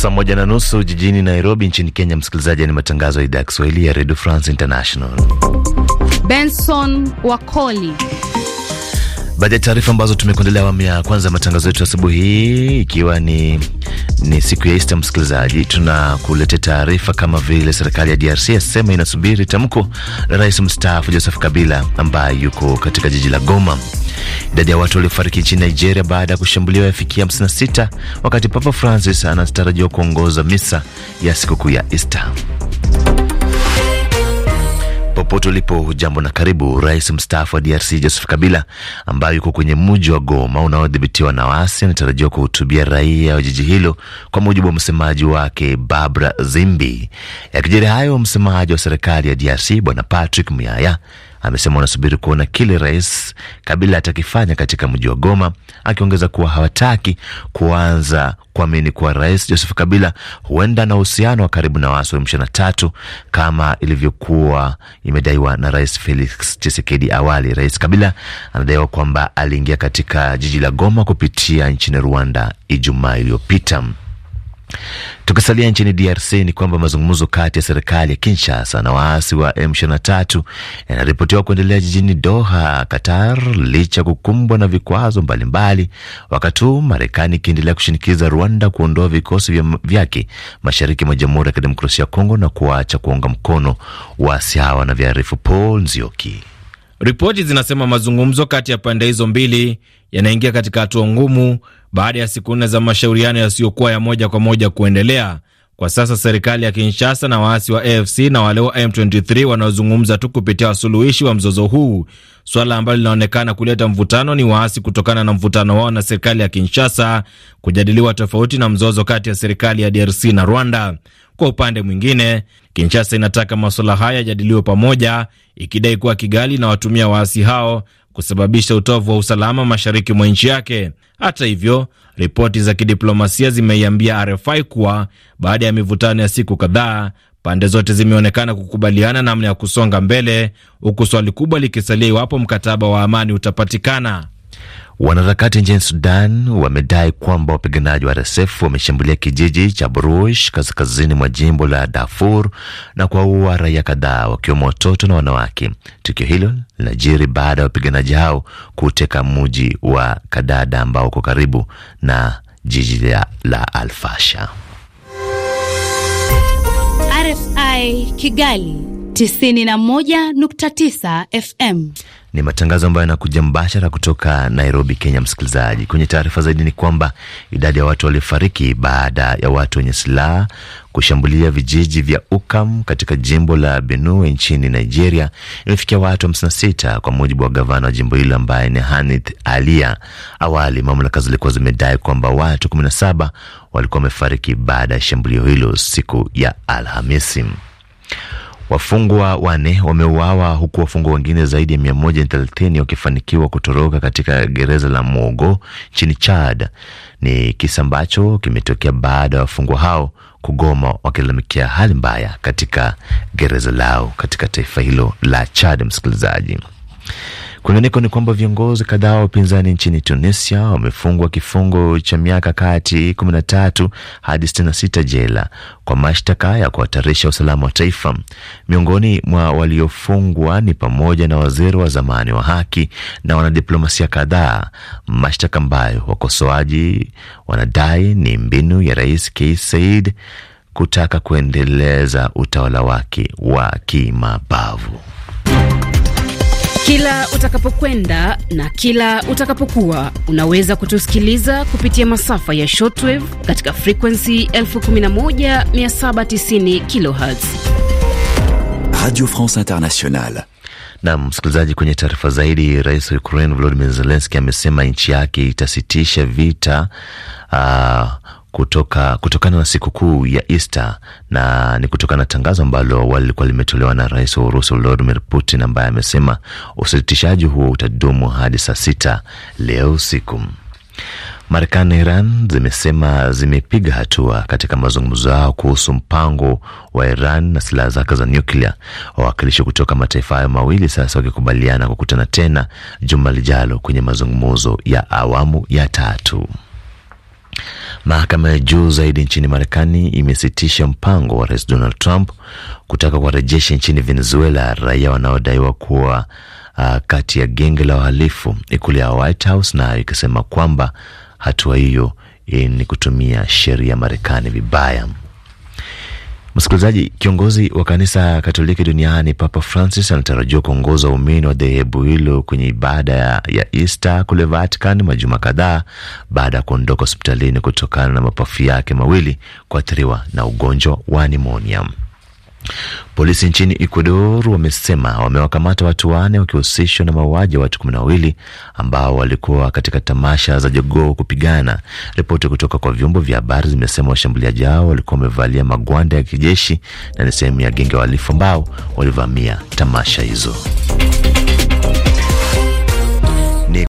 Saa moja na nusu jijini Nairobi nchini Kenya. Msikilizaji, ni matangazo ya idhaa ya Kiswahili ya redio France International. Benson Wakoli baadhi ya taarifa ambazo tumekuendelea awamu ya kwanza ya matangazo yetu asubuhi hii, ikiwa ni, ni siku ya Easter, msikilizaji, tunakuletea taarifa kama vile serikali ya DRC yasema inasubiri tamko la rais mstaafu Joseph Kabila ambaye yuko katika jiji la Goma. Idadi ya watu waliofariki nchini Nigeria baada ya kushambuliwa yafikia 56 wakati Papa Francis anatarajiwa kuongoza misa ya sikukuu ya Easter. Popote ulipo jambo na karibu. Rais mstaafu wa DRC Joseph Kabila, ambaye yuko kwenye mji wa Goma unaodhibitiwa na waasi, anatarajiwa kuhutubia raia wa jiji hilo, kwa mujibu wa msemaji wake Barbara Zimbi. Yakijiri hayo, msemaji wa serikali ya DRC Bwana Patrick Muyaya amesema wanasubiri kuona kile Rais Kabila atakifanya katika mji wa Goma, akiongeza kuwa hawataki kuanza kuamini kuwa Rais Joseph Kabila huenda na uhusiano wa karibu na waasi wa M23 kama ilivyokuwa imedaiwa na Rais Felix Tshisekedi awali. Rais Kabila anadaiwa kwamba aliingia katika jiji la Goma kupitia nchini Rwanda Ijumaa iliyopita. Tukisalia nchini DRC ni kwamba mazungumzo kati ya serikali ya Kinshasa na waasi wa M23 yanaripotiwa kuendelea jijini Doha, Qatar, licha ya kukumbwa na vikwazo mbalimbali, wakati huu Marekani ikiendelea kushinikiza Rwanda kuondoa vikosi vyake mashariki mwa Jamhuri ya Kidemokrasia ya Kongo na kuacha kuunga mkono waasi hawa, na vyaarifu Paul Nzioki. Ripoti zinasema mazungumzo kati ya pande hizo mbili yanaingia katika hatua ngumu baada ya siku nne za mashauriano yasiyokuwa ya moja kwa moja kuendelea. Kwa sasa serikali ya Kinshasa na waasi wa AFC na wale wa M23 wanaozungumza tu kupitia wasuluhishi wa mzozo huu. Suala ambalo linaonekana kuleta mvutano ni waasi kutokana na mvutano wao na serikali ya Kinshasa kujadiliwa tofauti na mzozo kati ya serikali ya DRC na Rwanda. Kwa upande mwingine, Kinshasa inataka masuala haya yajadiliwe pamoja, ikidai kuwa Kigali inawatumia waasi hao kusababisha utovu wa usalama mashariki mwa nchi yake. Hata hivyo, ripoti za kidiplomasia zimeiambia RFI kuwa baada ya mivutano ya siku kadhaa, pande zote zimeonekana kukubaliana namna ya kusonga mbele, huku swali kubwa likisalia iwapo mkataba wa amani utapatikana. Wanaharakati nchini Sudan wamedai kwamba wapiganaji wa RSF wameshambulia kijiji cha Burush kaskazini mwa jimbo la Darfur na kuwaua raia kadhaa wakiwemo watoto na wanawake. Tukio hilo linajiri baada ya wapiganaji hao kuteka mji wa Kadada ambao uko karibu na jiji la Alfasha. RFI Kigali 91.9 FM. Ni matangazo ambayo yanakuja mbashara kutoka Nairobi, Kenya. Msikilizaji, kwenye taarifa zaidi ni kwamba idadi ya watu waliofariki baada ya watu wenye silaha kushambulia vijiji vya Ukam katika jimbo la Benue nchini Nigeria imefikia watu 56 kwa mujibu wa gavana wa jimbo hilo ambaye ni Hanith Alia. Awali mamlaka zilikuwa zimedai kwamba watu 17 walikuwa wamefariki baada ya shambulio hilo siku ya Alhamisi. Wafungwa wane wameuawa huku wafungwa wengine zaidi ya 130 wakifanikiwa kutoroka katika gereza la Mogo nchini Chad. Ni kisa ambacho kimetokea baada ya wafungwa hao kugoma wakilalamikia hali mbaya katika gereza lao katika taifa hilo la Chad. Msikilizaji Kwingineko ni kwamba viongozi kadhaa wa upinzani nchini Tunisia wamefungwa kifungo cha miaka kati 13 hadi 66 jela kwa mashtaka ya kuhatarisha usalama wa taifa. Miongoni mwa waliofungwa ni pamoja na waziri wa zamani wa haki na wanadiplomasia kadhaa, mashtaka ambayo wakosoaji wanadai ni mbinu ya Rais Kais Saied kutaka kuendeleza utawala wake wa kimabavu. Kila utakapokwenda na kila utakapokuwa unaweza kutusikiliza kupitia masafa ya shortwave katika frequency 11790 kHz, Radio France Internationale. Na msikilizaji, kwenye taarifa zaidi, rais wa Ukraine Volodymyr Zelensky amesema nchi yake itasitisha vita uh, kutoka kutokana na sikukuu ya Easter na ni kutokana na tangazo ambalo awali lilikuwa limetolewa na rais wa Urusi Vladimir Putin ambaye amesema usitishaji huo utadumu hadi saa sita leo usiku. Marekani na Iran zimesema zimepiga hatua katika mazungumzo yao kuhusu mpango wa Iran na silaha zake za nyuklia, wawakilishi kutoka mataifa hayo mawili sasa wakikubaliana kukutana tena juma lijalo kwenye mazungumzo ya awamu ya tatu. Mahakama ya juu zaidi nchini Marekani imesitisha mpango wa Rais Donald Trump kutaka kuwarejesha nchini Venezuela raia wanaodaiwa kuwa uh, kati ya genge la uhalifu ikulu ya White House na ikisema kwamba hatua hiyo eh, ni kutumia sheria ya Marekani vibaya. Msikilizaji, kiongozi wa kanisa Katoliki duniani Papa Francis anatarajiwa kuongoza waumini wa dhehebu hilo kwenye ibada ya Easter kule Vatican majuma kadhaa baada ya kuondoka hospitalini kutokana na mapafu yake mawili kuathiriwa na ugonjwa wa nimonium Polisi nchini Ecuador wamesema wamewakamata watu wanne wakihusishwa na mauaji ya watu kumi na wawili ambao walikuwa katika tamasha za jogoo kupigana. Ripoti kutoka kwa vyombo vya habari zimesema washambuliaji hao walikuwa wamevalia magwanda ya kijeshi na ni sehemu ya genge wahalifu ambao walivamia tamasha hizo.